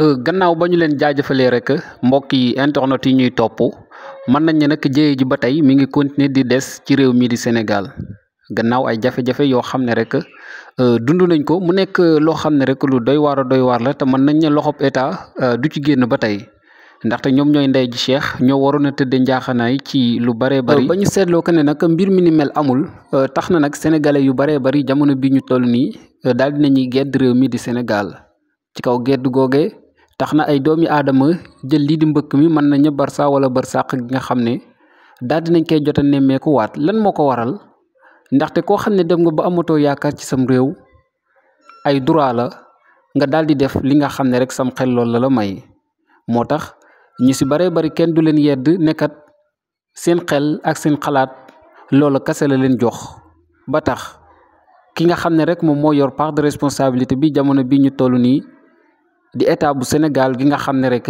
Euh, gannaaw ba ñu leen jaajëfalee rek mbokk yi internet yi ñuy topp mën nañ ne nag jéye ji ba tey mi ngi continuer di des ci réew mii di Sénégal gannaaw ay jafe-jafe yoo xam ne rek euh, dund nañ ko mu nekk loo xam ne rek lu doy waar a doy waar la te mën nañ ne loxob état euh, du ci génn ba tey ndaxte ñoom ñooy ndey ji Cheikh ñoo waroon a tëddee njaaxanaay ci lu bëree bari ba ñu seetloo que ne nag mbir mi ni mel amul tax na nag sénégalais yu bëree bari jamono bi ñu toll nii daal dinañuy gedd réew mi di Sénégal tax na ay doomi aadama jël lii di mbëkk mi mën nañu barsa wala barsàq gi nga xam ne daal dinañ koy jota nemmeeku waat lan moo ko waral ndaxte koo xam ne dem nga ba amatoo yaakaar ci sam réew ay droit la nga daal di def li nga xam ne rek sam xel loolu la la may moo tax ñu si bare bari kenn du leen yedd nekkat seen xel ak seen xalaat loolu kase la leen jox ba tax ki nga xam ne rek moom moo yor part de responsabilité bi jamono bi ñu toll nii di état bu Sénégal gi nga xam ne rek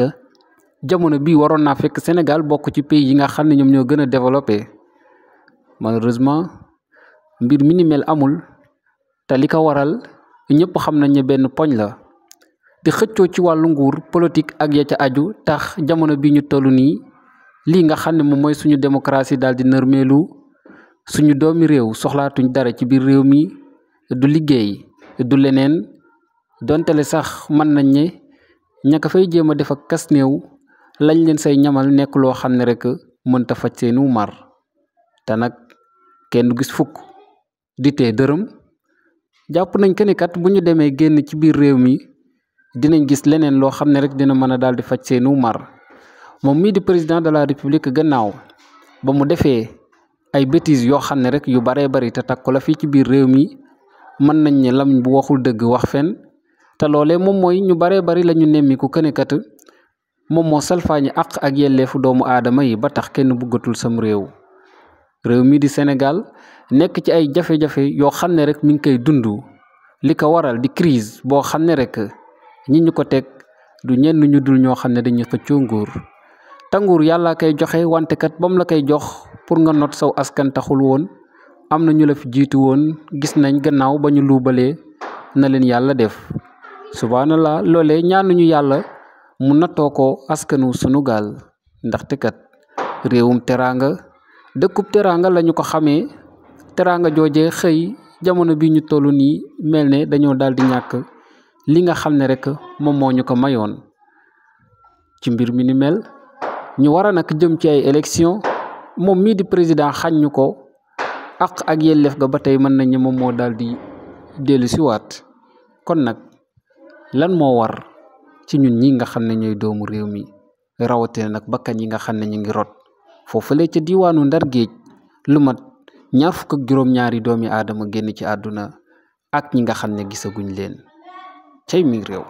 jamono bii waroon naa fekk Sénégal bokk ci pays yi nga xam ne ñoom ñoo gën a développé malheureusement mbir mi ni mel amul te li ko waral ñëpp xam nañ ne benn poñ la di xëccoo ci wàllu nguur politique ak ya ca aju tax jamono bi ñu toll nii lii nga xam ne moom mooy suñu démocratie daal di nërmeelu suñu doomi réew soxlaatuñ dara ci biir réew mi du liggéey du leneen. donte dontale sax mën nañ ne ñaka fay jéem a def ak kas néew lañ leen say ñamal nekk loo xam ne rek mënta faj seenu mar te nag kenn gis fukk di te dërëm jàpp nañ que ni kat bu ñu demee génn ci biir réew mi dinañ gis leneen loo xam ne rek dina mën a daal di faj seenu mar moom mii di président de la république gannaaw ba mu defee ay bêtises yoo xam ne rek yu baree bari te takku la fii ci biir réew mi mën nañ ne lam bu waxul dëgg wax fen te loolee moom mooy ñu baree bari la ñu nemmiku kënekat moom moo salfaañi àq ak yelleefu doomu aadama yi ba tax kenn buggatul sam réew réew mii di Sénégal nekk ci ay jafe-jafe yoo xam ne rek mi ngi koy dund li ko waral di crise boo xam ne rek ñi ñu ko teg du ñenn ñu dul ñoo xam ne dañuy xëccoo nguur te nguur yàlla koy joxe wante kat ba la koy jox pour nga not saw askan taxul woon am na ñu la fi jiitu woon gis nañ gannaaw ba ñu luubalee na leen yàlla def subhanallah loolee ñaanuñu yàlla mu nattoo ko askanu sunu gaal ndaxte kat réewum teraanga dëkkub teraanga lañu ko xamee teraanga jooje xëy jamono bi ñu toll nii mel ne dañoo daal di ñàkk li nga xam ne rek moom moo ñu ko mayoon ci mbir mi ni mel ñu war a nag jëm ci ay élection moom mii di président xañ ñu ko ak ak yelleef ga ba tey mën nañu moom moo daal di dellu kon nag lan moo war ci ñun ñi nga xam ne ñooy doomu réew mi rawatina nag bakkan yi nga xam ne ñu ngi rot foofule ca diwaanu ndar géej lu mat ñaar fukk ak ñaari doomi aadama génn ci àdduna ak ñi nga xam ne gisaguñ leen cay mi réew